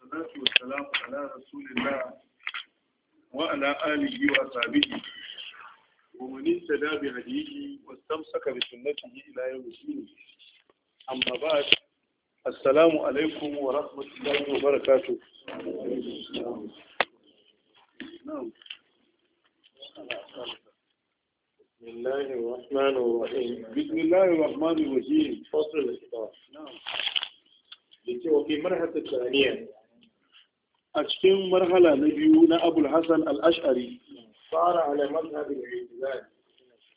والصلاة والسلام على رسول الله وعلى آله وصحبه ومن اهتدى بهديه واستمسك بسنته إلى يوم الدين أما بعد السلام عليكم ورحمة الله وبركاته نعم بسم الله الرحمن الرحيم بسم الله الرحمن الرحيم فصل الإفطار نعم وفي مرحلة الثانية a cikin marhala na biyu na abul hassan al'ashari fara alaman zaɓin rijizari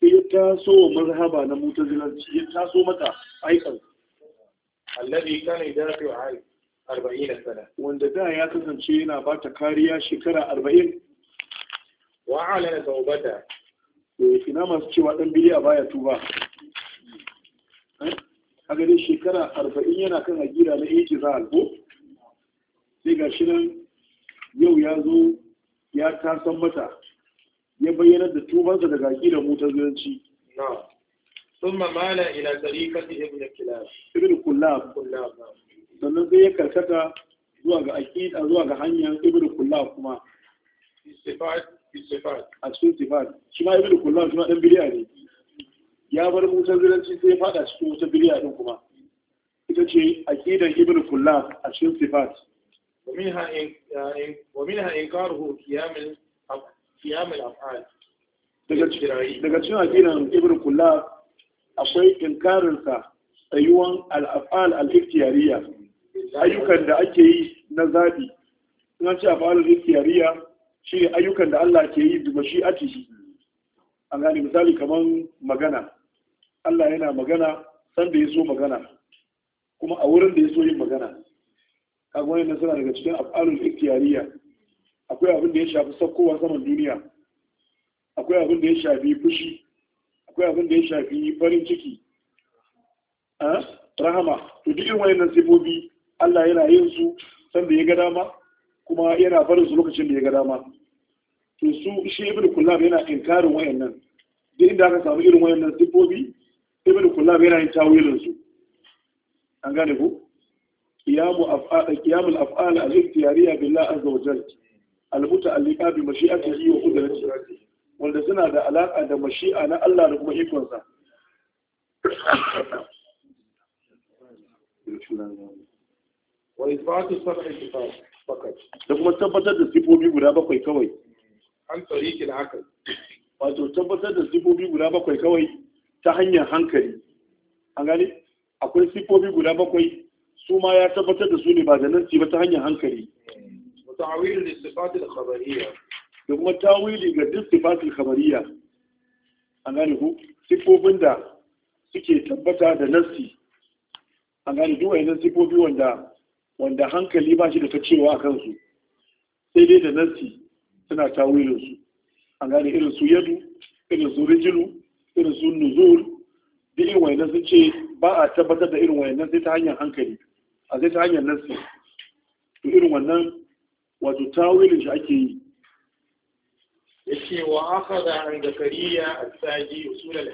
ya taso wa mazhaba na mutazilanci ya taso mata aikar allabi kana idafi wa arba'in sana wanda da ya kasance yana ba ta kariya shekara arba'in wa alana taubata ina masu cewa ɗan bidiya baya tuba eh? a gare shekara arba'in yana kan a agira na ijizal ko sai ga shi nan yau ya zo ya tasan mata ya bayyana da tubansa daga aƙidar mutazilanci ثم مال إلى طريقة ابن كلاب ابن كلاب Kullab. sannan zai ya karkata zuwa ga aƙida zuwa ga hanyar ibn kullab kuma a cikin sifat shi ma ibn kullab shi ma dan biliya ne ya bar motar zuwanci sai ya fada cikin wata biliya din kuma ita ce aƙidan ibn kullab a cikin sifat ومنها ومنها انكاره قيام قيام الافعال daga cikin اكيد ibn kula akwai inkarinsa tsayuwan al'afal al'iftiyariya ayyukan da ake yi na zafi, suna ce افعال الاختياريه shi ne ayyukan da Allah ke yi da shi a an gane misali kamar magana Allah yana magana san da ya so magana kuma a wurin da ya so yin magana kaga wannan suna daga cikin af'alul ikhtiyariya akwai abin da ya shafi sakkowa saman duniya akwai abin da ya shafi fushi akwai abin da ya shafi farin ciki ah, rahama to duk irin wayannan sifobi Allah yana yin su sanda ya ga dama kuma yana farin su lokacin da ya ga dama to su shi ibn kullab yana inkarin wayannan duk inda aka samu irin wayannan sifobi ibn kullab yana yin tawilin su an gane ku قيام أفعال قيام الأفعال الاختيارية بالله عز وجل المتعلقة بمشيئته وقدرته wanda suna da alaƙa da mashi'a na Allah da kuma ikonsa. Da kuma tabbatar da sifofi guda bakwai kawai. Wato tabbatar da sifofi guda bakwai kawai ta hanyar hankali. Akwai sifofi guda bakwai su ma ya tabbatar da su ne ba da nassi ba ta hanyar hankali ta'awil li da kuma tawili ga duk sifatil khabariyya A gane ku sifofin da suke tabbata da nasi A gane duk wayannan sifofi wanda wanda hankali ba shi da kacewa cewa kansu sai dai da nasi suna tawilinsu. A gane irin su yadu irin su rijilu irin su nuzul duk irin wayannan sun ce ba a tabbatar da irin wayannan sai ta hanyar hankali a zai ta hanyar nasi to irin wannan wato tawilin shi ake yi ce wa aka da zakariya a saji usul al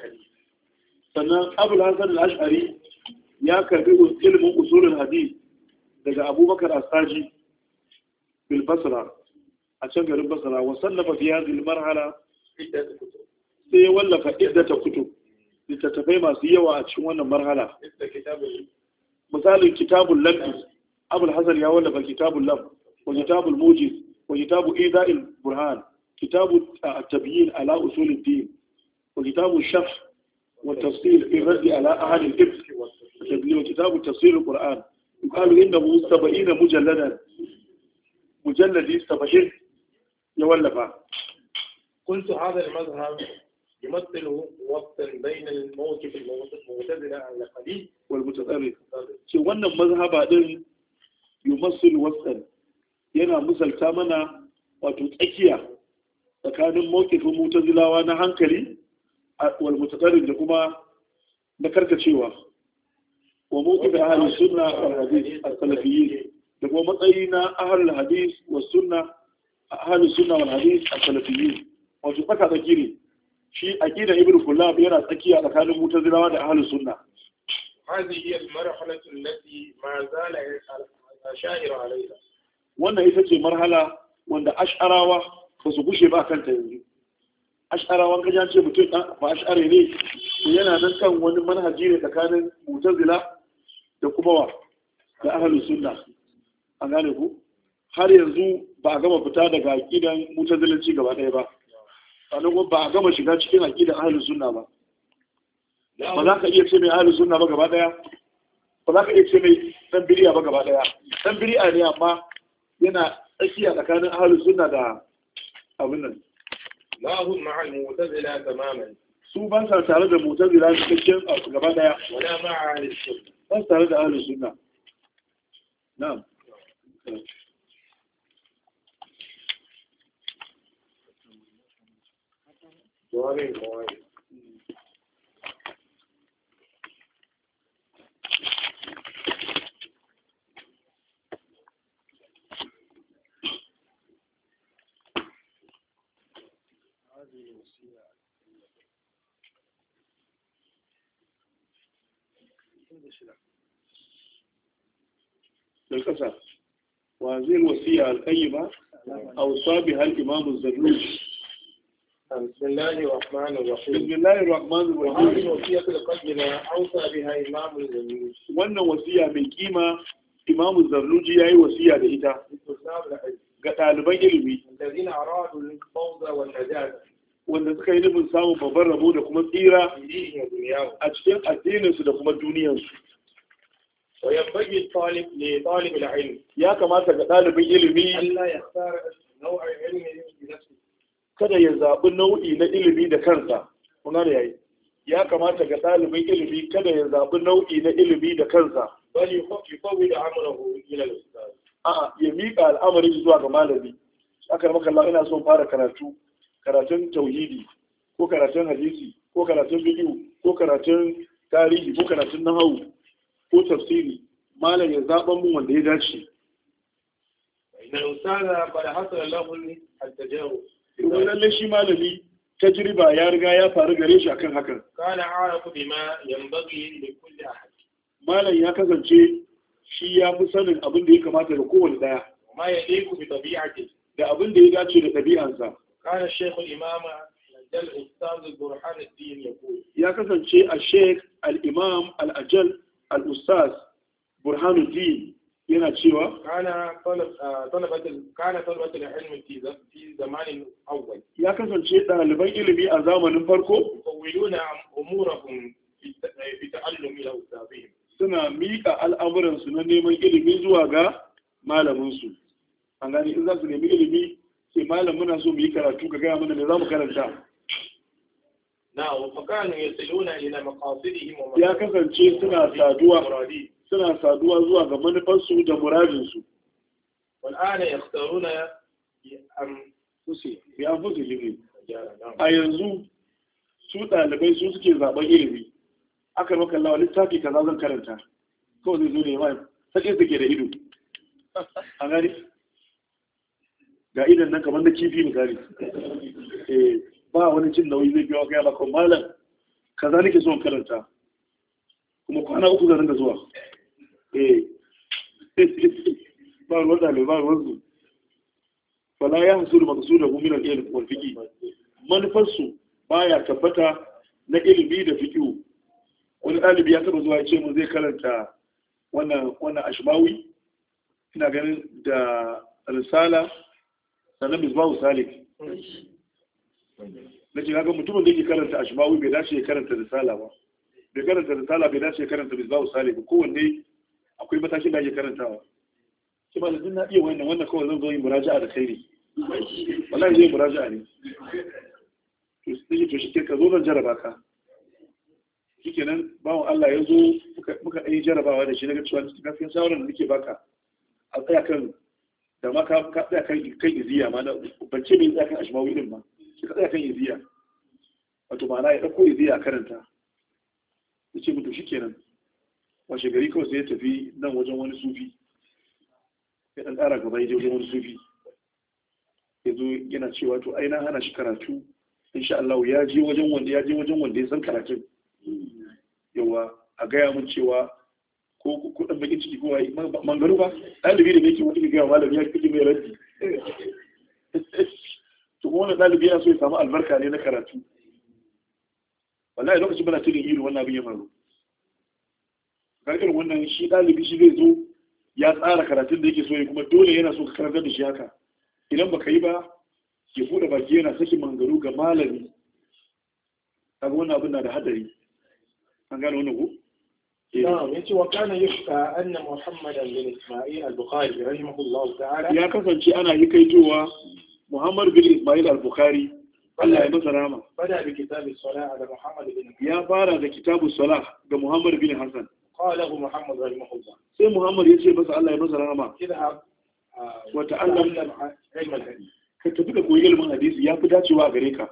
sannan abul hasan al-ash'ari ya karbi ilimin usul al daga abubakar a saji bil a can garin basra wa sallafa biya hadhihi marhala sai ya wallafa ta kutu littattafai masu yawa a cikin wannan marhala مثالي كتاب اللمس أبو الحسن يقول كتاب اللمس وكتاب الموجز وكتاب إيذاء البرهان كتاب التبيين على أصول الدين وكتاب الشرح والتفصيل في الرد على أهل الإبس وكتاب تفصيل القرآن يقال إنه سبعين مجلدا مجلد سبعين يولفا قلت هذا المذهب يمثل وسطا بين الموقف المعتدل على القليل والمتطرف شي wannan mazhaba din yumassil wasan yana misalta mana wato tsakiya tsakanin mawqifin mutazilawa na hankali a mutatarrif da kuma na karkacewa wa mawqif ahli sunna wal hadith al-salafiyyin da kuma matsayi na ahli wato tsaki ne shi aqida ibnu kullab yana tsakiya tsakanin mutazilawa da ahlus sunna hadhihi al-marhala allati ma zala al alayha wannan ita ce marhala wanda ash'arawa ba su gushe ba kanta yanzu ash'arawan kaje ce mutum ba ash'are ne yana nan kan wani manhaji ne tsakanin mutazila da kuma wa da ahlus sunna an gane ku har yanzu ba a gama fita daga aqidan mutazilanci gaba ɗaya ba sannan kuma ba a gama shiga cikin aƙidar ahalin sunna ba ba za ka iya ce mai ahalin sunna ba gaba daya ba za ka iya ce mai ɗan biriya ba gaba daya ɗan biriya ne amma yana tsakiya tsakanin ahalin sunna da abin nan la hum mu'tazila tamaman su ban sa tare da mu'tazila cikakken gaba daya wala ma'a ahlus sunna ban tare da ahalin sunna na'am دواري مواري وهذه الوصية القيمة أوصى بها الإمام الزروج بسم الله الرحمن الرحيم بسم الله الرحمن الرحيم هذه وصية القدر أوصى بها إمام الزرلوجي وأن وصية من إمام الزرلوجي هي وصية لإيتا للطلاب العلم كطالبي علمي الذين أرادوا الفوضى والنجاة وأن تخيل ابن سامو ببر مودة كما تيرا أجتمع الدين سيدة كما الدنيا ويبقي الطالب لطالب العلم يا كما تقول طالب علمي ألا يختار نوع علمي لنفسه kada ya zaɓi nau'i na ilimi da kansa Kunar da yayi ya kamata ga ɗalibin ilimi kada ya zaɓi nau'i na ilimi da kansa bali yufawi da amrahu ila al-ustaz a'a ya miƙa al'amarin zuwa ga malami aka maka Allah ina son fara karatu karatun tauhidi ko karatun hadisi ko karatun bidiyo ko karatun tarihi ko karatun nahawu ko tafsiri malam ya zaɓa mun wanda ya dace ina ustaza bala hasala lahu al-tajawuz wai lalle shi malami tajriba ya riga ya faru gare shi akan hakan kana arafu bima yanbaghi li kulli ahad malam ya kasance shi ya fi sanin abin da ya kamata da kowane daya ma ya liku bi tabi'ati da abin da ya dace da tabi'ansa kana shaykh al-imam al-ajal ustaz al-burhan al-din yaqul ya kasance a shaykh al-imam al-ajal al-ustaz burhan al-din yana cewa kana ah, talabatul kana talabatul ilmi fi zamanin awwal ya kasance ɗaliban ilimi a zamanin farko yawiluna umurahum fi eh, ta'allumi ila ustazihim suna miƙa al'amuransu na neman ilimi zuwa ga malaminsu. su an gani in za su nemi ilimi sai malam muna so mu yi karatu ka gaya mana me za mu karanta na wa fakanu yasiluna ila maqasidihim ya kasance suna saduwa suna saduwa zuwa ga manufansu da muradinsu wal'ana ya tsaruna ya fusi ilimi a yanzu su ɗalibai su suke zaɓen ilimi aka maka lawa littafi ka zan karanta kawai zai zo ne ma su ke da ido a gani ga idan nan kamar na kifi misali eh, ba wani cin nauyi zai biya kai ba kuma malam kaza nake son karanta kuma kwana uku zan rinka zuwa ba wanda ɗalibai ba ruwan fala ya hasu da makasu da na ilimi da fiki manufarsu ba ya tabbata na ilimi da fiki wani ɗalibi ya taɓa zuwa ya ce mu zai karanta wannan wannan ina ganin da risala sannan misbahu salik na ce haka mutumin da ke karanta ashbawi bai dace ya karanta risala ba bai karanta risala bai dace ya karanta misbahu salik kowanne akwai matakin da ake karantawa ce ba na iya wannan wannan kawai zan zo yin muraja'a da kai ne wallahi zai muraja'a ne to sai to shi ke ka zo nan jaraba ka shikenan bawon Allah ya zo muka ɗan jarabawa da shi daga cewa gaskiyar shawarar da nake baka a tsaya kan da ma ka tsaya kan kan iziya ma ban ce mai tsaya kan ashmawi din ma ka tsaya kan iziya wato ma'ana ya ɗauko iziya karanta ya ce mutu shikenan washe gari kawai sai ya tafi nan wajen wani sufi ya ɗan ƙara gaba ya je wajen wani sufi ya zo yana cewa to ai na hana shi karatu insha Allah ya je wajen wanda ya je wajen wanda ya san karatun yawa a gaya mun cewa ko kuɗin bakin ciki ko ai mangaru ba ɗalibi da yake wani gaya malami ya fi mai raddi to kuma wannan ɗalibi yana so ya samu albarka ne na karatu wallahi lokacin bana cikin irin wannan abin ya faru ga irin wannan shi ɗalibi shi zai zo ya tsara karatun da yake so ya kuma dole yana so ka karanta da shi haka idan baka yi ba ke bude baki yana saki mangaru ga malami kaga wannan abin na da hadari an gane wani ku eh. wa kana muhammadan bin isma'il al-bukhari rahimahullahu ta'ala ya kasance ana yi kai towa muhammad bin isma'il al-bukhari Allah ya masa rama bada da kitabu da muhammad bin ya fara da kitabu salah ga muhammad bin Hassan. qalahu sai muhammad ya ce masa Allah ya masa rahama idha wa ta'allam ilm al-hadith da koyi ilmin hadisi ya fi dacewa gare ka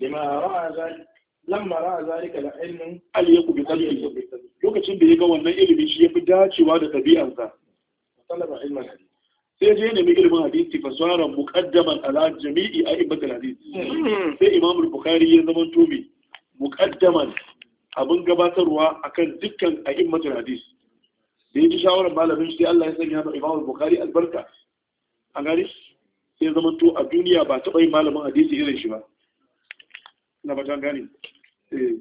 lima ra'a zalik lokacin da ya ga wannan ilimi shi ya fi dacewa da tabi'ansa talaba ilm al-hadith sai je nemi ilimin hadisi fasaran muqaddaman ala jami'i a'immatul hmm. sai imam al-bukhari ya zama tobi muqaddaman abin gabatarwa akan dukkan a'immatul hadis da ya ji shawarar malamin shi Allah ya sanya ma Imam bukari albarka a gari sai zama to a duniya ba taɓa yi malamin hadisi irin shi ba na ba can gane eh.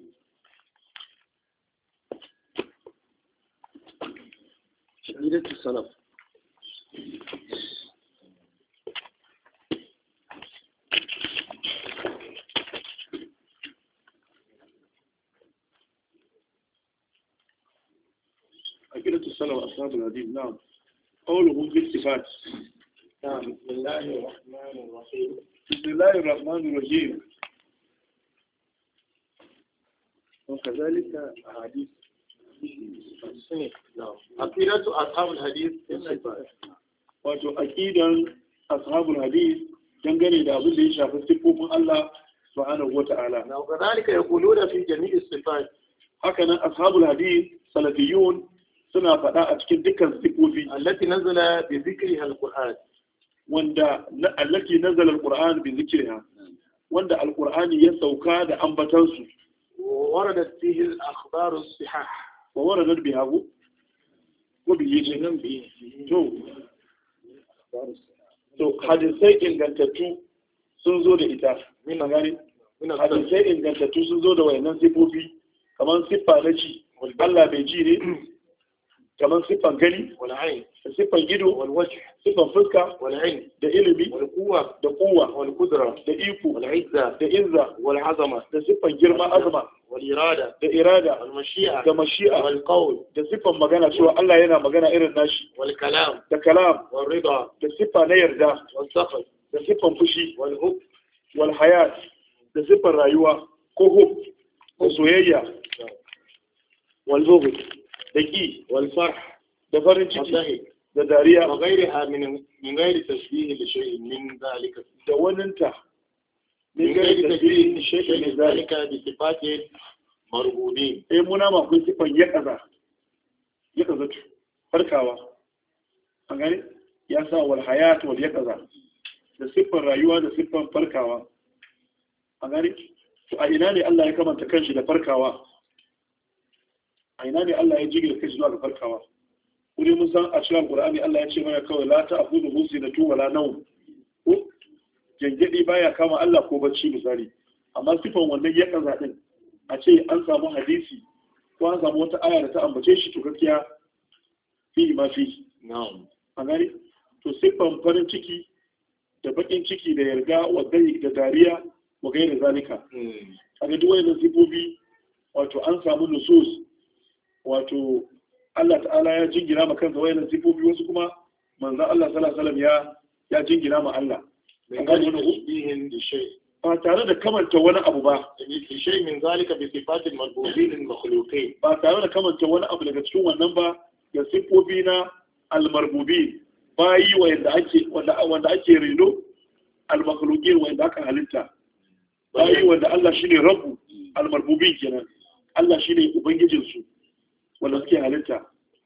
السلف أصحاب الحديث نعم قولهم في نعم بسم الله الرحمن الرحيم بسم الله الرحمن الرحيم وكذلك أحاديث wato aqidan ashabul hadith dangane da abin da ya shafi sifofin Allah subhanahu wata'ala na kadalika yaquluna fi jami'i sifat haka nan ashabul hadith salafiyun suna faɗa a cikin dukkan sifofi allati nazala bi zikriha alquran wanda allati nazala alquran bi zikriha wanda alqurani ya sauka da ambatan su waradat fihi alakhbar as-sihah wa waradat biha ko bi yaje nan bi to to hadisai ingantattu sun zo da ita min gani hadisai ingantattu sun zo da wayannan sifofi kamar siffa na ji. Allah bai ji ne kamar siffan gani da siffan gido siffan fuska da ilimi da kuwa da iko da izza da siffan girma azama da irada da mashi'a da siffan magana cewa Allah yana magana irin nashi da kalam da siffa na yarda da siffan fushi wal hayat da siffan rayuwa ko hub ko soyayya wal bughd da ƙi walfar da farin ciki da dariya gairi gairiha min gairi tashbihi da shay'in min zalika da waninta min gairi tashbihi da shay'in min zalika bi sifati marhudin eh muna ma kun sifan ya kaza ya kaza farkawa an gani ya sa wal hayat wal ya kaza da sifan rayuwa da sifan farkawa an gani to a ina ne Allah ya kamanta kanshi da farkawa a ina ne Allah ya jigila kai zuwa ga farkawa kuri mun san a cikin Qur'ani Allah ya ce mana kawai la ta'khudhu da wa la nau ko jangadi baya kama Allah ko bacci misali amma sifan wannan ya kaza din a ce an samu hadisi ko an samu wata aya da ta ambace shi to gaskiya fi ma fi na'am a gani to sifan farin ciki da bakin ciki da yarda wa dai da dariya wa gaira zalika hmm. A duk wannan sifofi wato an samu nusus wato Allah ta'ala ya jingina ma kansa wayan sifofi wasu kuma manzo Allah sallallahu alaihi ya ya jingina ma Allah gane da shay ba tare da kamanta wani abu ba bi shay min zalika bi sifatil malbuzin al makhluqin ba tare da kamanta wani abu daga cikin wannan ba da sifofi na al marbubi bayi wanda ake wanda wanda ake rido al makhluqin wanda aka halitta bayi wanda Allah shine rabbu al marbubin kenan Allah shine ubangijinsu wanda suke halitta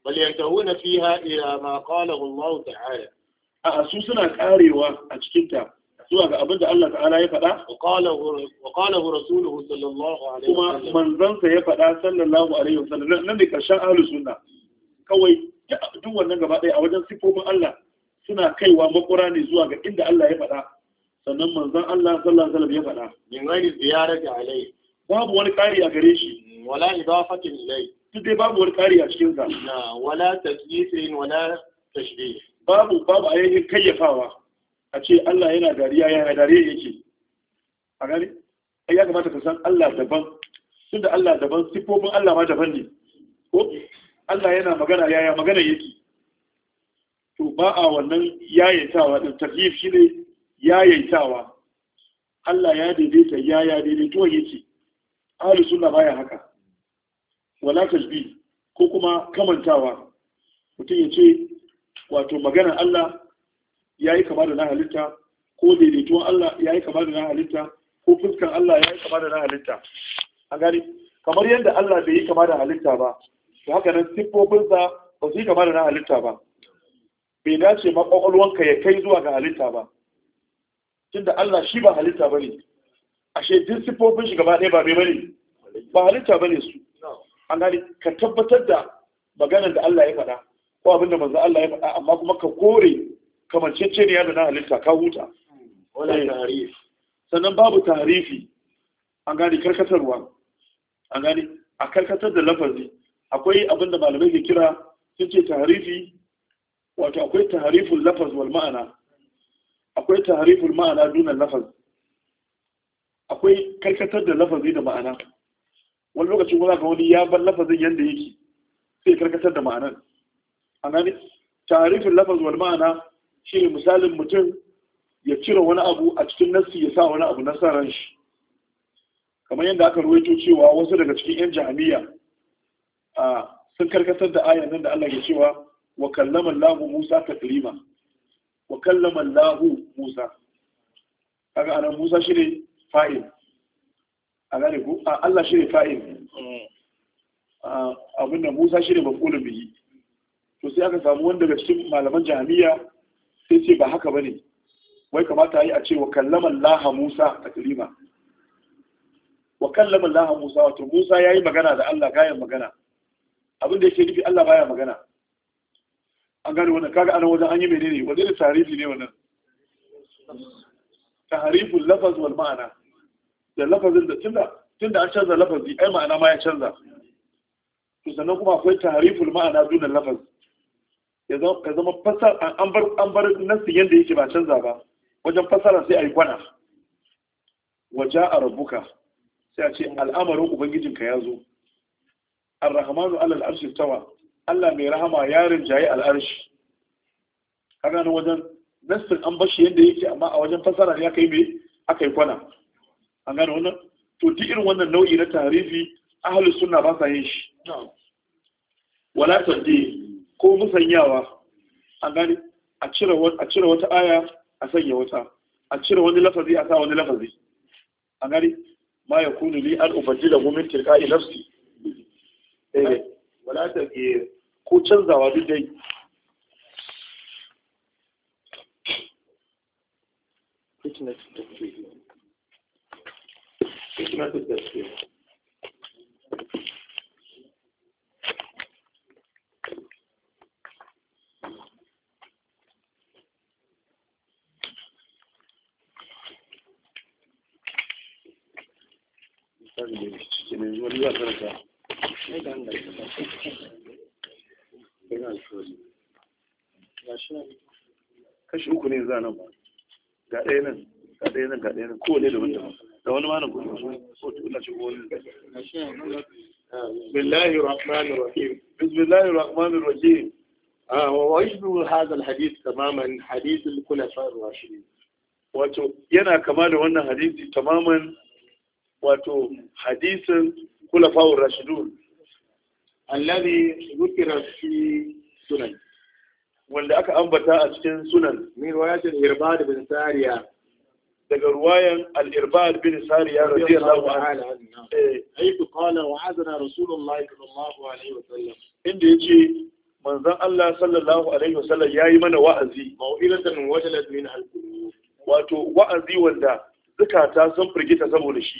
bal yantahuna fiha ila ma qalahu Allah ta'ala a su suna karewa a cikin ta zuwa ga abinda Allah ta'ala ya faɗa wa qalahu rasuluhu sallallahu alaihi wasallam kuma manzansa ya faɗa sallallahu alaihi wasallam nan ne karshen ahlus sunna kawai duk wannan gaba ɗaya a wajen sifofin Allah suna kaiwa makura ne zuwa ga inda Allah ya faɗa sannan manzan Allah sallallahu alaihi wasallam ya faɗa min ghairi ziyarati alai babu wani kari a gare shi wala idafatin ilai duk dai babu wani kariya a cikin sa na wala tasyisin wala tashbih babu babu ayyukan kayyafawa a ce Allah yana dariya yana dariya yake a gani ai ya kamata ka san Allah daban tunda Allah daban sifofin Allah ma daban ne ko Allah yana magana yaya magana yake to ba a wannan yayaitawa din takyif shine yayaitawa Allah ya daidaita yaya daidaito yake ahli sunna baya haka wala tajbi ko kuma kamantawa mutum ya ce wato magana Allah ya yi kama da na halitta ko daidaituwan Allah ya yi kama da na halitta ko fuskan Allah ya yi kama da na halitta a gani kamar yadda Allah bai yi kama da halitta ba to haka nan siffofinsa ba su yi kama da na halitta ba bai dace ma ƙwaƙwalwanka ya kai zuwa ga halitta ba tunda Allah shi ba halitta ba ne ashe duk siffofin shi gaba ɗaya ba bai ne, ba halitta ba ne su an gane ka tabbatar da maganar da Allah ya faɗa ko abin da manzo Allah ya faɗa amma kuma ka kore kamancece ne da na halitta ka huta wala eh. tarif sannan babu tarifi an gane karkatarwa an gane a karkatar da lafazi akwai abin da malamai ke kira sun ce tarifi wato akwai tariful lafaz wal ma'ana akwai tariful ma'ana dunan lafaz akwai karkatar da lafazi da ma'ana wani lokaci kuma ka wani ya bar lafazin yadda yake sai karkatar da ma'anar an ne tarifin lafaz wal ma'ana shi ne misalin mutum ya cire wani abu a cikin nassi ya sa wani abu na sa ran shi kamar yadda aka ruwaito cewa wasu daga cikin yan jami'a a sun karkatar da ayan nan da Allah ya cewa wa kallama Allahu Musa taklima wa kallama Allahu Musa kaga anan Musa shine fa'il a gane ku Allah shine fa'il abin da Musa shi ne mafulun bihi to sai aka samu wanda daga cikin malaman jami'a sai ce ba haka bane wai kamata yi a ce wa kallama laha Musa a kalima wa kallama laha Musa wato Musa ya yi magana da Allah gayan magana abin da yake nufi Allah baya magana an gane wannan kaga ana wajen an yi menene wanda da tarihi ne wannan tahriful lafaz wal ma'ana da lafazin da tunda tunda an canza lafazi ai ma'ana ma ya canza to sannan kuma akwai tariful ma'ana duna lafaz ya zama fasar an bar an bar nasin yanda yake ba canza ba wajen fasara sai ayi kwana waja a rabbuka sai a ce al'amarin ubangijinka ya zo ar-rahmanu alal arshi tawa Allah mai rahama ya rinjaye al'arshi kaga ne wajen nasin an bashi yanda yake amma a wajen fasara ne kai yi me aka yi kwana an gane wannan to duk irin wannan nau'i na tarihi ahlus sunna ba sa yin shi wala taddi ko musanyawa an gani a cire wata aya a sanya wata a cire wani lafazi a sa wani lafazi an gani ma ya kunu li an ubaji da gumin tilka'i nafsi eh wala taddi ko canzawa duk dai fitness fitness بسم الله الرحمن الرحيم بسم الله الرحمن الرحيم اه هذا الحديث تماما حديث الخلفاء الراشدين وتو ينا كمان هنا حديث تماما wato hadisin kula kulafa'ur rashidun alladhi dhukira fi sunan wanda aka ambata a cikin sunan min riwayatin irbad bin sariya daga ruwayan al-irbad bin sariya radiyallahu anhu eh aitu qala wa hadana rasulullahi sallallahu alaihi wa sallam inda yace manzon Allah sallallahu alaihi wa sallam yayi mana wa'azi mau'ilatan wajalat min al wato wa'azi wanda zukata sun firgita saboda shi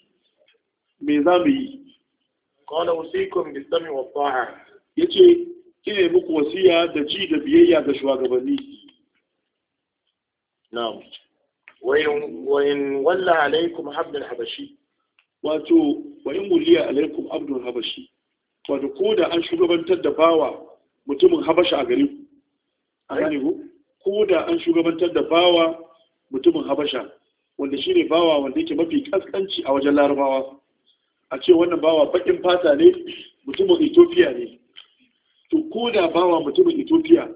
me za mu yi qala wasu ikon sami wa Ya ce, kine muku wasiya da ji da biyayya ga shugabanni Na wa wa walla alaikum abdul habashi wato wa in wuliya alaikum abdul habashi wato ko da an shugabantar da bawa mutumin habasha a gare ku a gane ku ko da an shugabantar da bawa mutumin habasha wanda shi ne bawa wanda yake mafi kaskanci a wajen larabawa a ce wannan bawa bakin fata ne mutumin Ethiopia ne to ko da bawa mutumin Ethiopia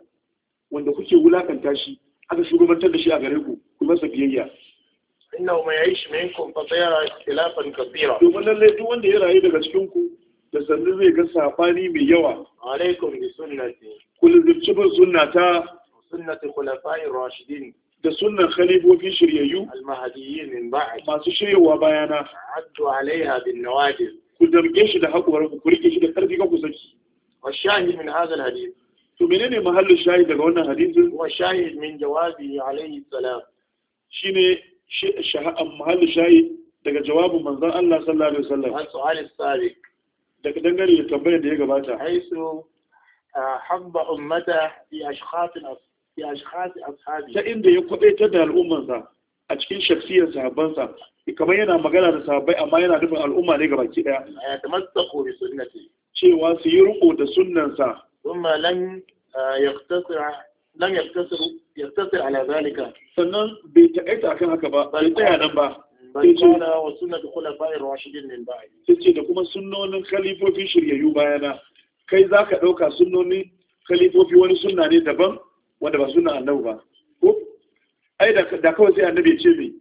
wanda kuke wulakanta shi aka shugabantar da shi a gare ku ku masa biyayya inna ma ya'ish minkum fa sayara ikhtilafan kathira to wannan ne duk wanda ya rayu daga cikin ku da sanin zai ga safani mai yawa alaikum bi sunnati kul zibtu sunnata sunnati khulafa'ir rashidin السنة خليب وفي شريعيو المهديين من بعد ما سشري وبيانا عدوا عليها بالنواجذ كل دم جيش ده حق ورب كل جيش ده ترجع كوسك والشاهد من هذا الحديث تمنين محل الشاهد اللي قلنا حديث هو الشاهد من جوابه عليه السلام شيني شه الشاهد ده جواب من ذا الله صلى الله عليه وسلم السؤال السابق ده كده غير يتبين ده حيث حب امته في اشخاص ta inda ya kwadaitar da al'ummansa a cikin shafsiyar sahabbansa kamar yana magana da sahabbai amma yana nufin al'umma ne ga baki daya cewa su yi riko da sunnansa kuma lan ah, yaktasir ala zalika sannan bai taƙaita akan haka ba bai tsaya nan ba sai ce da kuma sunnonin kalifofin shiryayyu bayana kai za ka ɗauka sunnonin kalifofi wani sunna ne daban wanda ba suna annabi ba ko ai da kawai sai annabi ya ce mai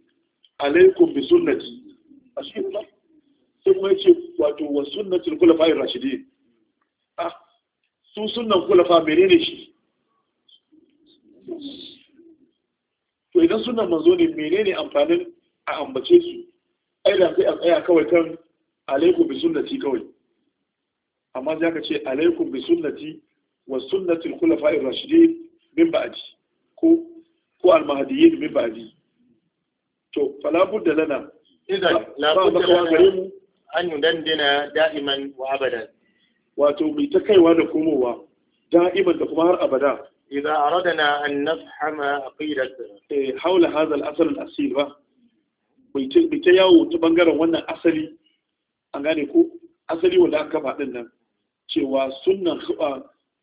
alaikum bi sunnati a shi kuma sai kuma ya ce wato wa sunnatul shi rashidin ah su sunnan khulafa menene shi to idan sunan manzo ne menene amfanin a ambace su ai da sai a tsaya kawai kan alaikum bi sunnati kawai amma za ka ce alaikum bi sunnati wa sunnatul shi rashidin min ba'di ko ko al-mahdiyyin min ba'di to fala budda lana idan la mu an yudandina da'iman wato mai ta kaiwa da komowa da'iman da kuma har abada إذا أردنا أن نفهم عقيدتنا حول هذا الأثر الأصيل ba mai ta yawo ta bangaren wannan asali an gane ko asali wanda aka faɗin nan cewa sunan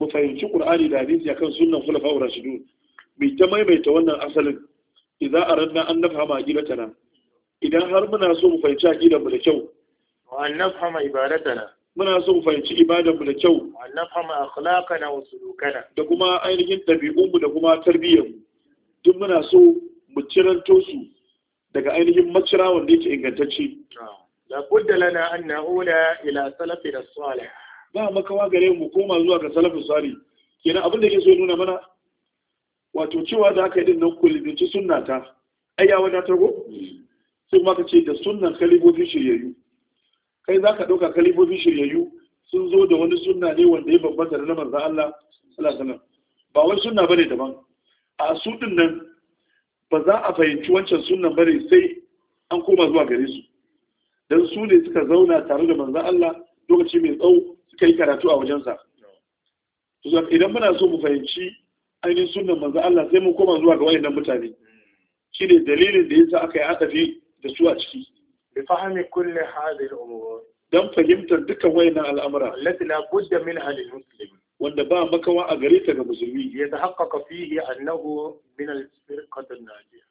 mu fahimci qur'ani da hadisi akan sunnan khulafa'ur rashidun mai ta maimaita wannan asalin idza aradna an nafhama aqidatana idan har muna so mu fahimci aqidar mu da kyau wa an nafhama ibadatana muna so mu fahimci ibadar mu da kyau wa an nafhama akhlaqana wa sulukana da kuma ainihin dabi'un mu da kuma tarbiyyar mu duk muna so mu ciranto su daga ainihin macira wanda yake ingantacce la budda lana an na'ula ila Salafi salafina salih ba makawa gare mu koma zuwa ga salafin sari kenan abin da ke so ya nuna mana wato cewa da aka yi din nan kulibinci sunna ta ai ya wadatar ko sai kuma ka ce da sunnan kalibobin shiryayyu kai za ka ɗauka kalibobin shiryayyu sun zo da wani sunna ne wanda ya bambanta da na manzan Allah sallallahu alaihi wasallam ba wai sunna bane daban a su din nan ba za a fahimci wancan sunan bane sai an koma zuwa gare su dan su ne suka zauna tare da manzon Allah lokaci mai tsawo suka yi karatu a wajensa idan muna so mu fahimci ainihin sunan manzo Allah sai mun koma zuwa ga wayannan mutane Shi ne dalilin da yasa aka yi adafi da su a ciki bi fahmi kulle hadir umur dan fahimtar dukkan wayannan al'amura allati la budda min lil muslim wanda ba makawa a gare ta ga musulmi ya ka fihi annahu min al-firqat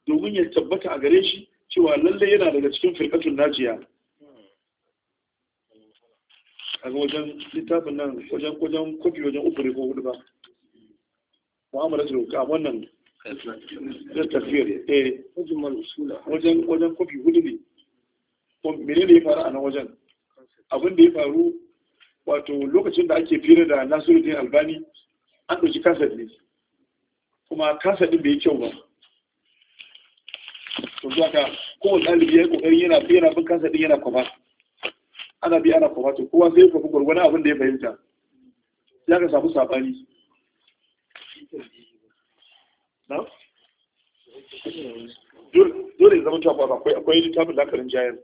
domin ya tabbata a gare shi cewa lallai yana daga cikin firqatun najiya a wajen littafin nan wajen wajen kofi wajen uku ne ko hudu ba mu'amala su a wannan zai tafiyar eh. wajen wajen kofi hudu ne mene ne ya faru a nan wajen abin da ya faru wato lokacin da ake fira da nasiruddin albani an ɗauki kasar ne kuma kasar ɗin bai yi kyau ba to zuwa ka kowane ɗalibi ya yi ƙoƙari yana bin kasar ɗin yana kwafa ana bi ana kwafato kowa sai ya kwafi wani abin da ya fahimta ya ka samu sabani dole zama cewa ba akwai akwai littafin lakarin jayar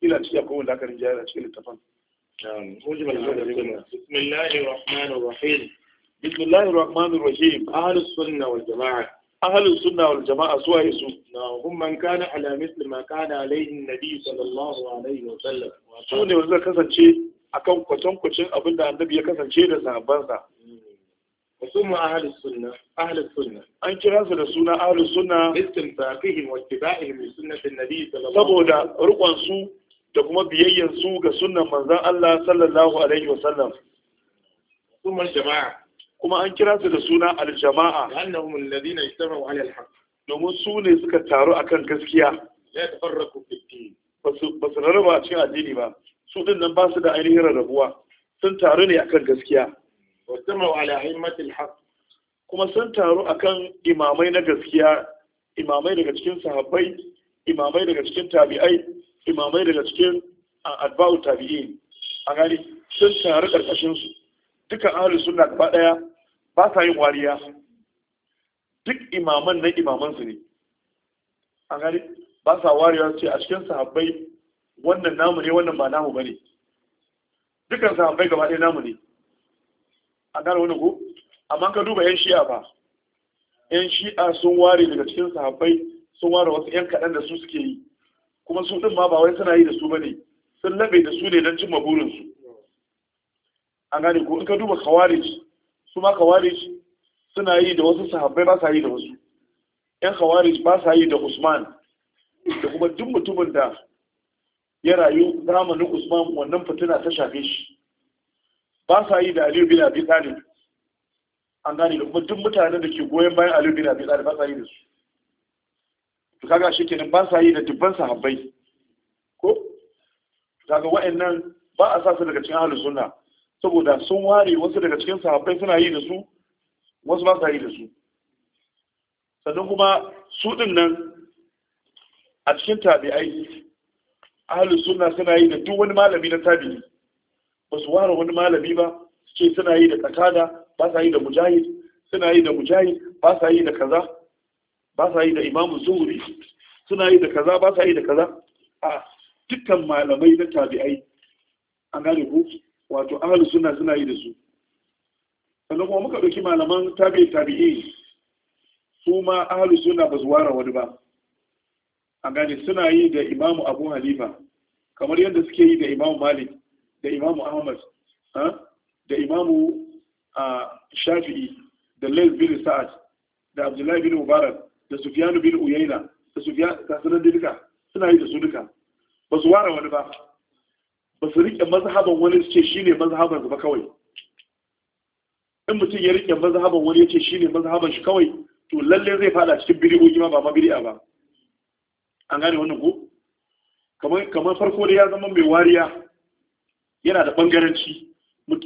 ila ciki akwai wani lakarin jayar a cikin littafin bismillahir rahmanir rahim bismillahir rahmanir rahim ahlus sunna wal ahalin sunna wal jama'a su waye su Na man kana ala misli ma kana alaihi nabi sallallahu alaihi wa sallam su ne wanda kasance akan kwatan kwacin abin da annabi ya kasance da sahabbansa wasu ahalin sunna ahalin sunna an kira su da suna ahalin sunna istimsakihim wa ittiba'ihim li sunnati nabi sallallahu saboda rukun su da kuma biyayyan su ga sunnan manzon Allah sallallahu alaihi wa sallam sunan jama'a kuma an kira su da suna aljama'a annahum alladhina ijtama'u 'ala al domin su ne suka taru akan gaskiya la tafarraqu fi din basu basu rarraba cikin addini ba su din nan ba su da ainihin rarrabuwa sun taru ne akan gaskiya wajtama'u 'ala himmati al kuma sun taru akan imamai na gaskiya imamai daga cikin sahabbai imamai daga cikin tabi'ai imamai daga cikin adba'u tabi'in a gani sun taru karkashin su duka ahlus sunna gaba daya ba sa yin wariya duk imaman na imaman su ne an gari ba sa wariya ce a cikin sahabbai wannan namu ne wannan ba namu bane dukkan sahabbai gaba ɗaya namu ne A gane wani ko amma ka duba yan shi'a ba yan shi'a sun ware daga cikin sahabbai sun ware wasu yan kaɗan da su suke yi kuma su ɗin ma ba wai suna yi da su bane sun labe da su ne don cimma burinsu an gane ko in ka duba khawarij su ma khawarij suna yi da wasu sahabbai ba sa yi da wasu yan khawarij ba sa yi da usman da kuma duk mutumin da ya rayu zamanin usman wannan fitina ta shafe shi ba sa yi da aliyu bin abi talib an gane da kuma duk mutanen da ke goyon bayan aliyu bin abi talib ba sa yi da su to kaga shikenan ba sa yi da dubban sahabbai ko kaga wa'annan ba a sa su daga cikin ahlus sunna saboda sun ware wasu daga cikin sahabbai suna yi da su wasu ba sa yi da su sannan kuma su din nan a cikin tabi'ai ahlus sunna suna yi da duk wani malami na tabi'i ba su ware wani malami ba ce suna yi da tsakada ba sa yi da mujahid suna yi da mujahid ba sa yi da kaza ba sa yi da imamu zuhuri suna yi da kaza ba sa yi da kaza a dukkan malamai na tabi'ai an gane ku wato ahalus suna suna yi da su sannan kuma muka ɗauki malaman tabi tabi'i su ma ahalus suna ba su ware wani ba a gane suna yi da imamu abu halifa kamar yadda suke yi da imamu malik da imamu ahmad da imamu shafi'i da lais bin sa'ad da abdullahi bin mubarak da sufiyanu bin uyaina da sufiyan kasunan duka suna yi da su duka ba su ware wani ba ba su riƙe mazhaban wani ce shi ne mazhaban su ba kawai in mutum ya riƙe mazhaban wani ya ce shi ne mazhaban shi kawai to lalle zai fada cikin biri'o'i ma ba ma biri'a ba an gane wannan ko kamar farko da ya zama mai wariya yana da bangaranci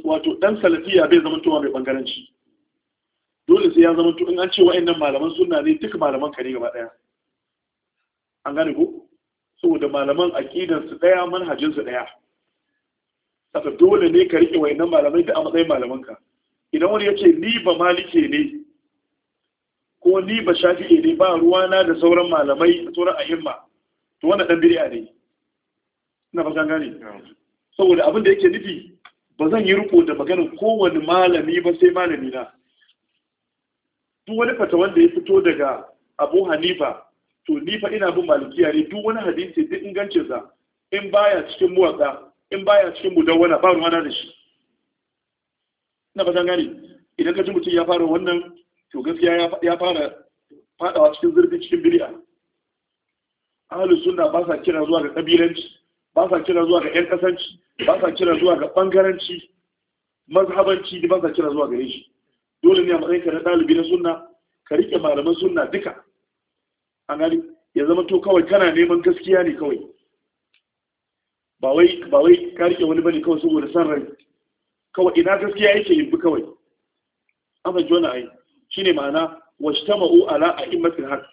wato dan salafiya bai zama towa mai bangaranci dole sai ya zama to in an ce wa'annan malaman sunna ne duk malaman kare ne gaba daya an gane ko saboda malaman aqidar su daya manhajin su daya saka dole ne ka riƙe wayannan malamai da a matsayin malamanka idan wani ya ce ni ba malike ne ko ni ba shafi'e ne ba ruwana da sauran malamai da sauran a'imma to wannan ɗan bid'a ne ina ba gane saboda abin da yake nufi ba zan yi riko da maganin kowane malami ba sai malami na duk wani fata wanda ya fito daga Abu Hanifa to ni fa ina bin malikiya ne duk wani hadisi duk ingancinsa in baya cikin muwatsa in baya cikin mudawwana ba ruwana da shi ina ba gane idan ka ji mutum ya fara wannan to gaskiya ya fara fadawa cikin zurbi cikin bid'a ahli sunna ba sa kira zuwa ga kabilanci ba sa kira zuwa ga yan kasanci ba sa kira zuwa ga bangaranci mazhabanci ba sa kira zuwa gare shi dole ne a matsayin ka na ɗalibi na sunna ka rike malaman sunna duka an gani ya zama to kawai kana neman gaskiya ne kawai ba wai ba wai ka rike wani bane kawai saboda san rai kawai ina gaskiya yake yin bi kawai amma jona ai shine ma'ana washtama'u ala a'immatil haq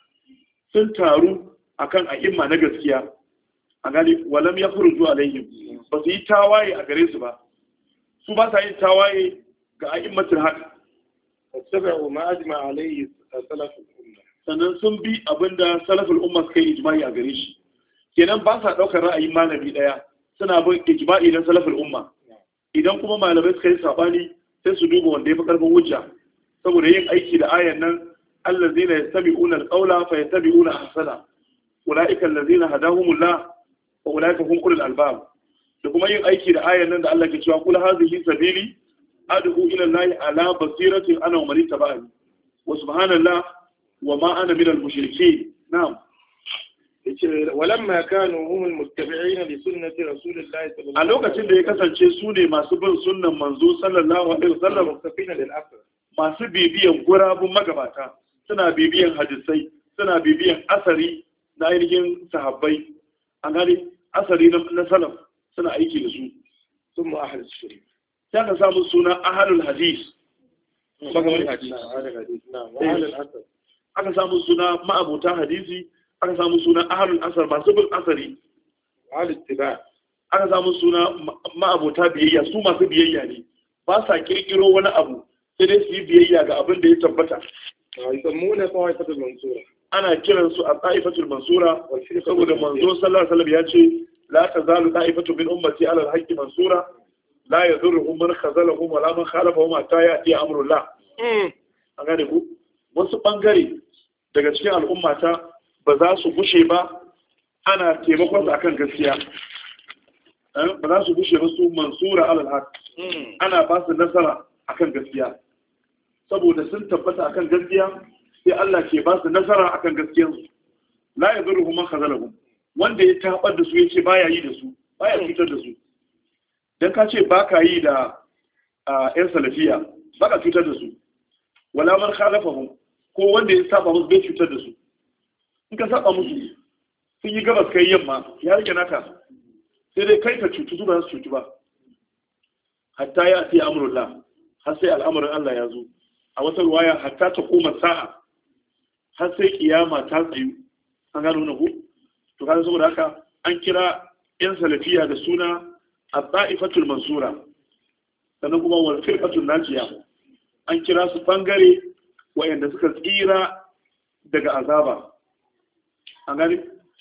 sun taru akan a'imma na gaskiya a gani walam yakhruju alaihim ba su yi tawaye a gare su ba su ba sa yin tawaye ga a'immatil haq tabi'u ma ajma alaihi salafu sannan sun bi abinda salaful umma suka yi ijma'i a gare shi kenan ba sa daukar ra'ayin malami daya suna bin ijma'i na salafin umma idan kuma malamai suka yi sabani sai su duba wanda ya fi karfin hujja saboda yin aiki da ayan nan allazina yastabi'una alqawla fa yastabi'una ahsana ulaika allazina hadahumullah wa ulaika hum ulul albab da kuma yin aiki da ayan nan da Allah ke cewa kul hazihi sabili ad'u ila allahi ala basiratin ana wa man tabi'ani wa subhanallah wa ma ana min minal mushrikeen na'am walamma kanu humul muttabi'ina li sunnati rasulillahi sallallahu a lokacin da ya kasance su ne masu bin sunnan manzo sallallahu alaihi wasallam mustafina lil asr masu bibiyan gurabun magabata suna bibiyan hadisai suna bibiyan asari na ainihin sahabbai an gani asari na salaf suna aiki da su sun ma ahal shiri sai ka samu suna ahalul hadis aka samu suna ma'abuta hadisi aka samu suna ahalul asar masu bin asari halittiba aka samu suna ma'abota biyayya su masu biyayya ne ba sa kirkiro wani abu sai dai su yi biyayya ga abin da ya tabbata ana kiran su a ta'ifatul mansura saboda manzo sallallahu alaihi wasallam ya ce la tazalu ta'ifatu min ummati ala al mansura la yadhurruhum man khazalahum wa la man khalafahum hatta ya'ti amrullah hmm. an gane ku wasu bangare daga cikin al'ummata ba za su gushe ba ana taimakon su akan gaskiya eh, ba za su gushe ba su mansura alal haq hmm. ana ba su nasara akan gaskiya saboda sun tabbata akan gaskiya sai Allah ke ba su nasara akan su la yadurruhum man khazalahum wanda ya tabar da su yace baya yi da su baya cutar da su dan ka ce baka yi da yan salafiya baka cutar da su wala man khalafahum ko wanda ya saba musu bai cutar da su in ka saba musu sun yi gabas kai yamma ya rike naka sai dai kai ka cutu su ba su cutu ba hatta ya fi amrullah har sai al'amarin Allah ya zo a wata ruwaya hatta ta koma sa'a har sai kiyama ta tsayu an gano na ku to kaga saboda haka an kira yan salafiya da suna at-ta'ifatul mansura sannan kuma wal firqatul najiya an kira su bangare wayanda suka tsira daga azaba an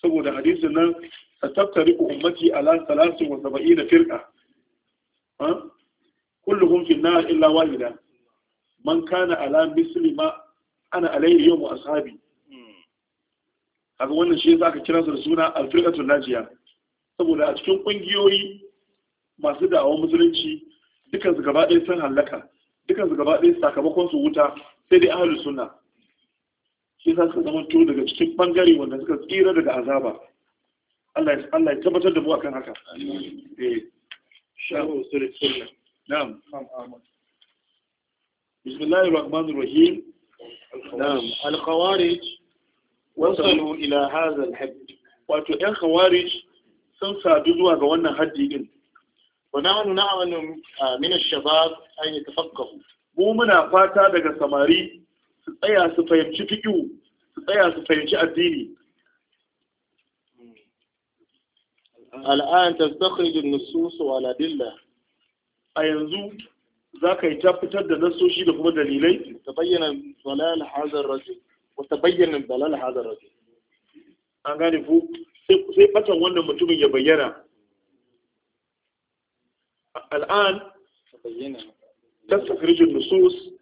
saboda hadisun nan a tattari umarci ala salasin wa saba'i da firka Kullum fi na illa wahida man kana ala misli ana alayhi mu ashabi Haka wannan shi za aka kira su da suna al-firqatul najiya saboda a cikin kungiyoyi masu da'awar musulunci dukansu su gaba ɗaya sun hallaka dukansu su gaba ɗaya sakamakon su wuta sai dai ahlus sunna shi za su zama to daga cikin bangare wanda suka tsira daga azaba Allah ya tabbatar da mu akan haka eh sharu usul sunna na'am bismillahir rahmanir rahim al khawarij wasalu ila hadha wato yan khawarij sun sadu zuwa ga wannan haddi din wa na'anu na'anu ah, min ash-shabab an yatafaqahu mu muna fata daga samari su tsaya su fahimci fiƙi su tsaya su fahimci addini al'an ta an-nusus wa al-adilla a yanzu ka yi tafitar fitar da nasoshi da kuma dalilai ta bayyana dalal hazar raju. ko ta bayyana dalal hazar ar an gane ku sai fatan wannan mutumin ya bayyana al'an ta an-nusus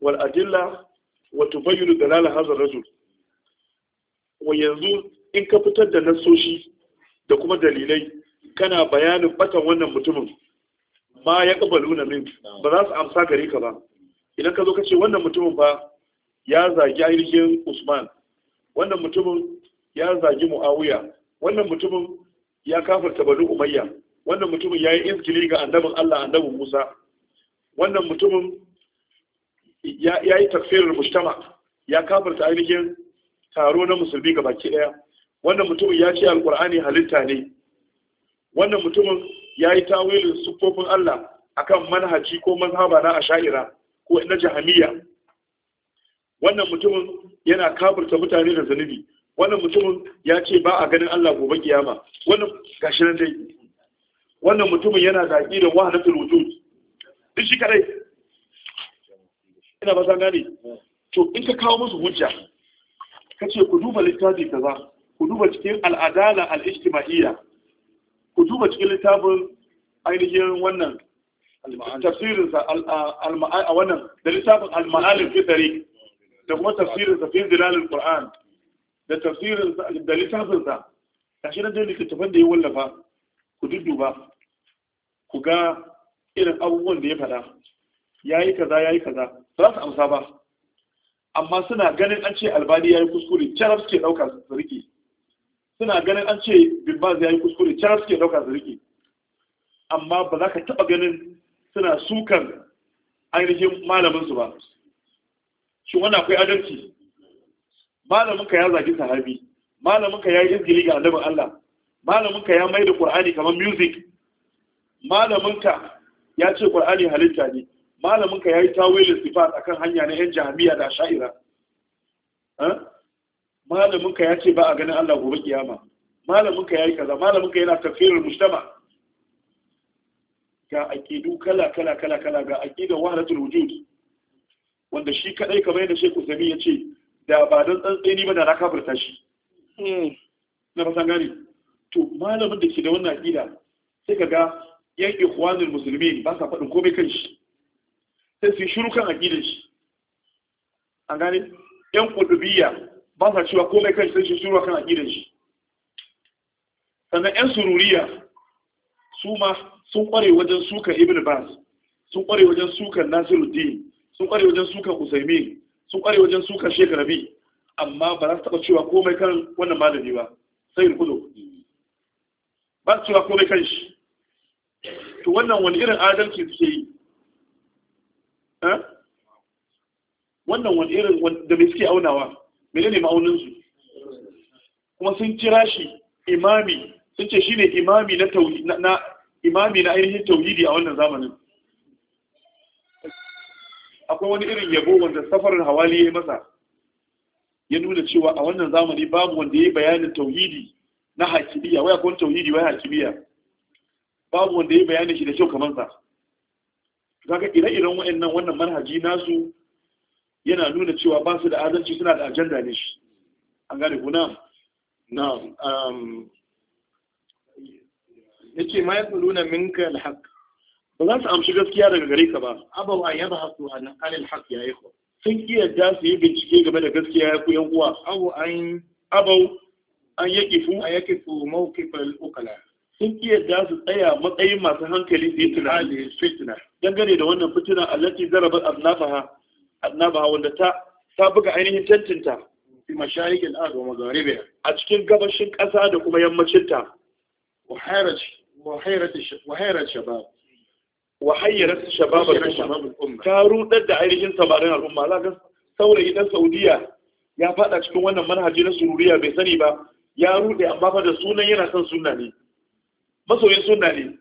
wal'adilla adilla wa tubayyinu dalal hadha rajul wa yanzu in ka fitar da nasoshi da kuma dalilai kana bayanin batan wannan mutumin ma ya kabaluna min ba za su amsa gare ka ba idan ka zo ka ce wannan mutumin ba ya zagi ainihin Usman wannan mutumin ya zagi mu'awuya wannan mutumin ya kafarta Banu Umayya wannan mutumin ya yi izgili ga annabin Allah annabin Musa wannan mutumin ya yi tafsirin mujtama ya kafarta ainihin taro na musulmi ga baki daya wannan mutumin ya ce alqur'ani halitta ne wannan mutumin ya yi tawilin sufofin Allah akan manhaji ko mazhaba na asha'ira ko na jahamiya wannan mutumin yana kafarta mutane da zanubi wannan mutumin ya ce ba a ganin Allah gobe kiyama wannan gashi nan dai wannan mutumin yana da aqidar wahdatul wujud duk kadai ina ba san gane to in ka kawo musu hujja ka ce ku duba littafi kaza ku duba cikin al'adala al'ijtima'iyya ku duba cikin littafin ainihin wannan tafsirin sa a wannan da littafin al-ma'alim fi tariq da kuma tafsirin sa fi zilalil qur'an da tafsirin sa da littafin sa kashi nan dai littattafan da ya wallafa ku dudduba ku ga irin abubuwan da ya faɗa Ya yi kaza ya yi kaza ba za su amsa ba amma suna ganin an ce albani ya yi kuskure carar suke ɗauka su rike suna ganin an ce bimbaz ya yi kuskure carar suke ɗauka su rike amma ba za ka taɓa ganin suna sukan ainihin malamin su ba shi wannan akwai adalci malamin ka ya zagi sahabi malamin ka ya yi izgili ga annabin Allah malamin ka ya mai da Qur'ani kamar music malamin ka ya ce Qur'ani halitta ne malamin ka yayi tawilin sifat akan hanya na yan jami'a da sha'ira malamin ka ya ce ba a ganin Allah gobe kiyama malamin ka yayi kaza malamin ka yana tafsirul mujtama ga aqidu kala kala kala kala ga aqida wahdatul wujud wanda shi kadai kamar yadda Sheikh Usaimin ya ce da ba don tsantseni ba da na kafirta shi hmm. na fasan gani to malamin da ke da wannan aqida sai kaga yan ikhwanul muslimin ba sa faɗin komai kan shi sai su yi shiru kan aƙidar shi A gane yan ƙudubiyya ba sa cewa komai kan shi sai su yi shiru kan aƙidar shi sannan yan sururiya su ma sun ƙware wajen suka ibn bas sun ƙware wajen suka nasiruddin sun ƙware wajen suka usaimin sun ƙware wajen suka shekarabi amma ba za su taɓa cewa komai kan wannan malami ba sai kudu ba su cewa komai kan shi to wannan wani irin adalci suke yi Eh? wannan wani irin da mai suke aunawa mene ne ma'auninsu kuma sun kira shi imami sun ce shi ne imami na imami na ainihin tauhidi a wannan zamanin akwai wani irin yabo wanda safarin hawali ya yi masa ya nuna cewa a wannan zamani babu wanda ya yi bayanin tauhidi na hakimiyya wai akwai tauhidi wai hakimiyya babu wanda ya yi bayanin shi da kyau kamar sa kaga ire-iren wa'annan wannan manhaji nasu yana nuna cewa ba su da adalci suna da ajanda ne shi an gane ku na'am ce ma ya ma yaquluna minka haƙ. ba za su amshi gaskiya daga gare ka ba abaw an yabhasu an Haƙ ya yi ikhwa sun iya da su yi bincike game da gaskiya ya ku yan uwa aw an abaw an yaqifu an yaqifu mawqif al-uqala sun iya da su tsaya matsayin masu hankali su yi tunani su dangane da wannan fitina allati zarabat aznabaha aznabaha wanda ta ta buga ainihin tantinta fi mashayikin ard wa a cikin gabashin ƙasa da kuma yammacin ta wa hayrat wa shabab wa hayrat shabab ta rudar da ainihin samarin al'umma zaka saurayi dan Saudiya ya faɗa cikin wannan manhaji na sururiya bai sani ba ya rude amma fa da sunan yana son sunna ne masoyin sunna ne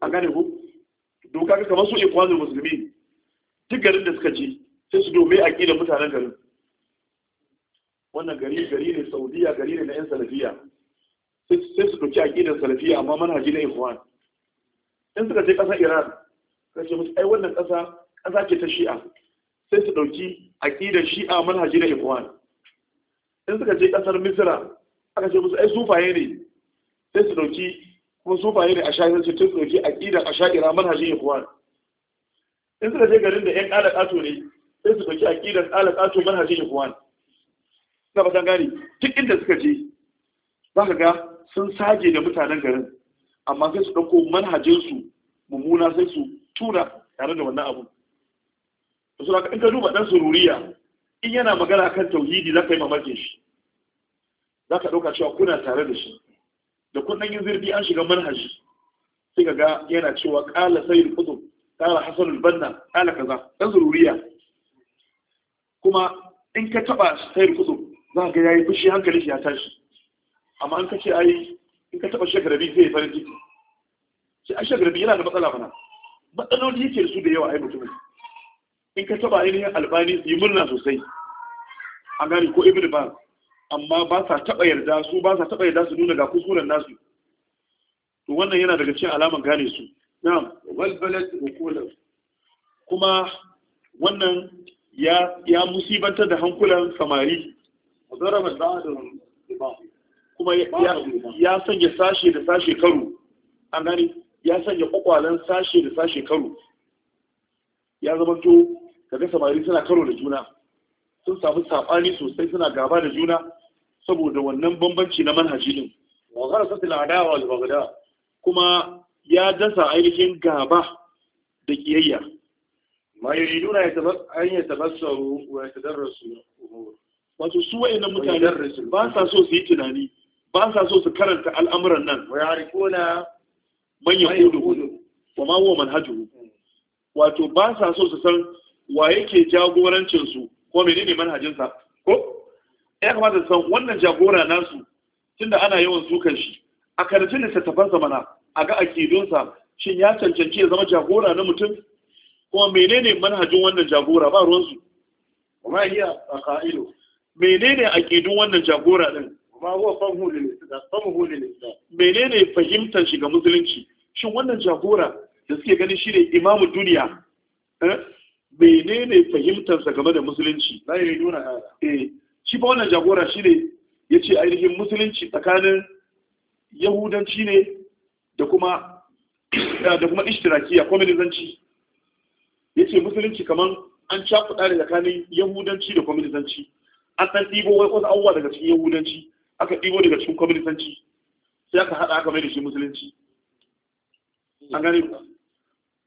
an gane ku doka ka kamar su ikwanul musulmi duk garin da suka ci sai su dobe a kila mutanen garin wannan gari gari ne saudiya gari ne na yan salafiya sai su doki aƙidar salafiya amma manhaji na ikwan in suka je ƙasar iran ce musu ai wannan ƙasa ƙasa ce ta shi'a sai su ɗauki aƙidar shi'a manhaji na ikwan in suka je ƙasar misira aka ce musu ai sufaye ne sai su ɗauki kuma sufaye da ashairar su tun ɗauki aƙidar ashaira manhajin ne. in suka je garin da 'yan ƙala ƙato ne sai su ɗauki aƙidar ƙala ƙato manhajin ne. na ba gane duk inda suka je za ka ga sun sage da mutanen garin amma sai su ɗauko manhajinsu mummuna sai su tura tare da wannan abu su ka in ka duba ɗan sururiya in yana magana kan tauhidi za ka yi mamakin shi za ka ɗauka cewa kuna tare da shi da kudin yin zirbi an shiga manhaji sai ka ga yana cewa kala sayyid qutb ƙala hasan al-banna kaza dan zururiya kuma in ka taba sayyid qutb za ka ga yayi fushi hankali shi ya tashi amma an ka ce ai in ka taba shagarabi zai farin ciki shi ai shagarabi yana da matsala mana matsaloli yake da su da yawa ai mutumin in ka taba ainihin albani yi murna sosai A gani ko ibn baz amma ba sa taɓa yarda su ba sa taɓa yarda su nuna ga kusurar nasu to wannan yana daga cikin alamar gane su na'am wal balad uqulan kuma wannan ya ya musibantar da hankulan samari da da kuma ya sanya sashe da sashe karo an gane ya sanya kwakwalen sashe da sashe karo ya zama to kaga samari suna karo da juna sun samu saɓani sosai suna gaba da juna saboda wannan bambanci na manhaji din wa gharasat al-adawa wal baghda kuma ya dasa ainihin gaba da kiyayya ma yuriduna an yatabassaru wa yatadarrasu wato su wayannan mutane ba sa so su yi tunani ba sa so su karanta al'amuran nan wa yarifuna man yaqudu wa ma huwa manhajuhu mm. wato ba sa so su san wa yake jagorancin su ko menene manhajinsa ko ya kamata san wannan jagora nasu tunda ana yawan sukan shi a karatun sa mana a ga akidunsa shin ya cancanci ya zama jagora na mutum kuma menene manhajin wannan jagora ba ruwansu kuma a aqaidu menene akidun wannan jagora din kuma huwa fahmu lil islam fahmu lil islam menene fahimtar shi ga musulunci shin wannan jagora da suke ganin shi ne imamu duniya eh? menene fahimtarsa game da musulunci la ya nuna hada eh shi ba wannan jagora ya ce ainihin musulunci tsakanin yahudanci ne da kuma da kuma ishtirakiya ya ce musulunci kamar an cakuɗa da tsakanin yahudanci da kwaminisanci an san ɗibo wai wasu abubuwa daga cikin yahudanci aka ɗibo daga cikin kwaminisanci sai aka haɗa aka mai da shi musulunci an gane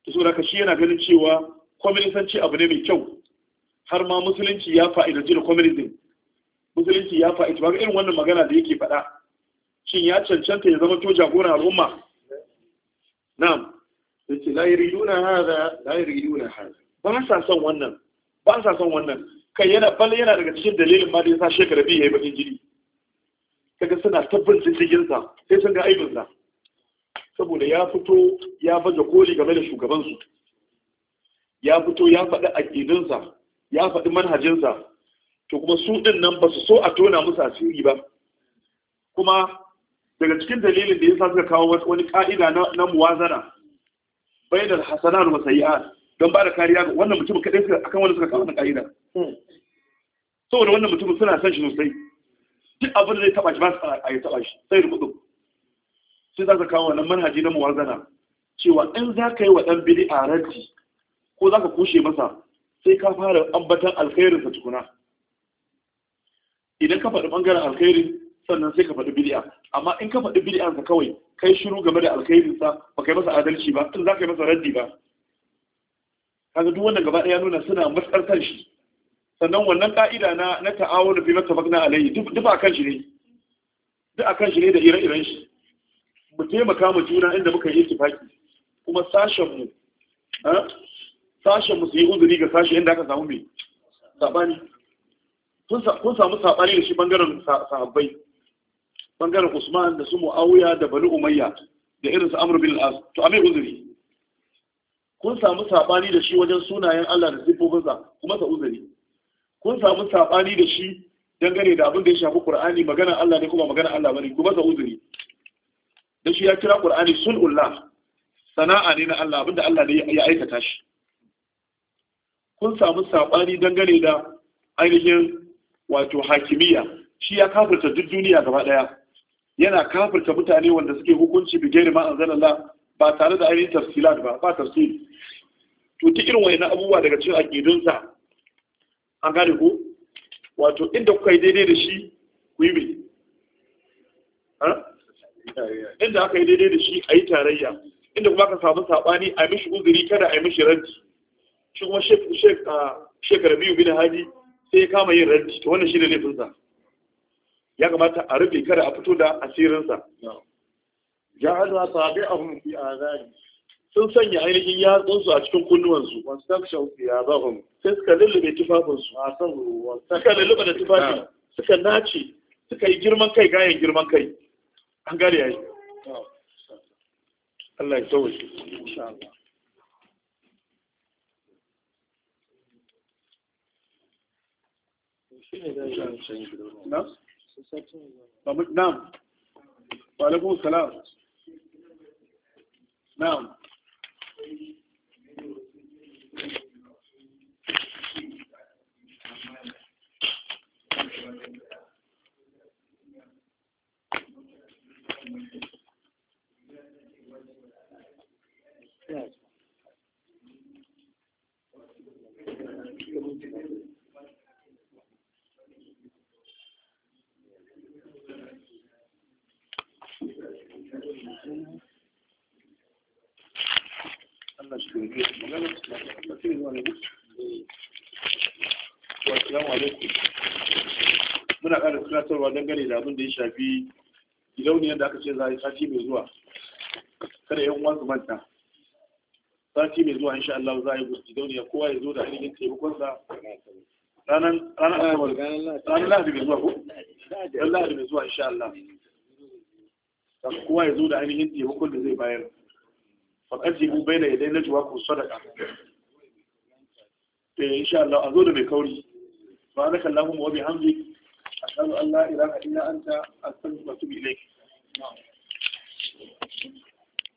to saboda ka shi yana ganin cewa kwaminisanci abu ne mai kyau har ma musulunci ya fa'idanci da kwamilisin musulunci ya fa'idanci ba irin wannan magana da yake faɗa shin ya cancanta ya zama to jagoran al'umma na'am yace la yuriduna hadha la yuriduna hadha ba sa son wannan ba sa son wannan kai yana bal yana daga cikin dalilin ma da sa shekara biyu yayi bakin jini kaga suna tabbin diddigin sa sai sun ga aibin saboda ya fito ya baje koli game da shugabansu. ya fito ya faɗi aƙidinsa ya faɗi manhajinsa to kuma su ɗin nan ba su so a tona musu asiri ba kuma daga cikin dalilin da ya sa suka kawo wani ƙa'ida na muwazana bayanar hasana da masayi'a don ba da kariya ga wannan mutumin kaɗai suka akan wani suka kawo wannan ƙa'ida hmm. saboda wannan mutumin suna son shi sosai duk abin da zai taɓa shi ba su a yi taɓa shi sai rubutu sai za su kawo wannan manhaji na muwazana cewa in za ka yi wa ɗan biri a raddi ko za ka kushe masa sai ka fara ambatan alkhairinsa tukuna idan ka faɗi ɓangaren alkhairin sannan sai ka faɗi bid'a amma in ka faɗi bid'ansa kawai kai shiru game da alkhairinsa ba kai masa adalci ba in za ka yi masa raddi ba kaga duk wannan gaba ɗaya nuna suna matsartar shi sannan wannan ka'ida na na ta'awun fi mattafaqna alayhi duk duk akan shi ne duk kan shi ne da ire-iren shi mu taimaka mu juna inda muka yi tufaki. kuma sashen mu eh, sashen musu yi uzuri ga sashen inda aka samu mai saɓani kun samu saɓani da shi ɓangaren sahabbai ɓangaren usman da su mu'awuya da bani umayya da irinsu amur bin al'as to amai uzuri kun samu saɓani da shi wajen sunayen allah da siffofinsa kuma sa uzuri kun samu saɓani da shi dangane da abin da ya shafi qur'ani magana allah ne kuma magana allah bane kuma sa uzuri da shi ya kira qur'ani sunullah sana'a ne na allah abinda allah ne ya aikata shi kun samu saɓani dangane da ainihin wato hakimiyya shi ya kafirta duk duniya gaba ɗaya yana kafirta mutane wanda suke hukunci bigeri ma anzalallah ba tare da ainihin tafsilat ba ba tafsiri to ta irin wani abubuwa daga cikin aqidunsa an gane ko wato inda kuka yi daidai da shi ku yi mai inda aka yi daidai da shi a yi tarayya inda kuma ka samu saɓani a mishi uzuri kada a yi mishi ranci shi kuma shekara ah, biyu bin Haji sai ya kama yin rarci to wannan shi ne laifinsa ya kamata a rufe kada a fito da asirinsa a hunfi a zari sun sanya ainihin tsunsu a cikin kunnuwansu wastakshaw fi azahum sai suka lullube tufafinsu ruwa suka lullube da tufafi suka nace suka yi girman kai gayan girman kai an gane Allah ya tsawaye na'am wa alaikum salam na'am Thank you. muna ƙara tunatarwa dangane da abin da ya shafi gidauniyar da aka ce za a yi sati mai zuwa kada yan uwan su manta sati mai zuwa insha Allah za a yi gidauniyar kowa ya zo da ainihin taimakonsa ranar lahadi mai zuwa ko? ranar lahadi mai zuwa insha Allah saka kowa ya zo da ainihin taimakon da zai bayar faƙajibu bai da yadda na jiwa ku sadaka ta eh, yi insha Allah a zo da mai kauri ba na kallahu mawabi hamdi a kan Allah ilaha illa ta a san masu bilai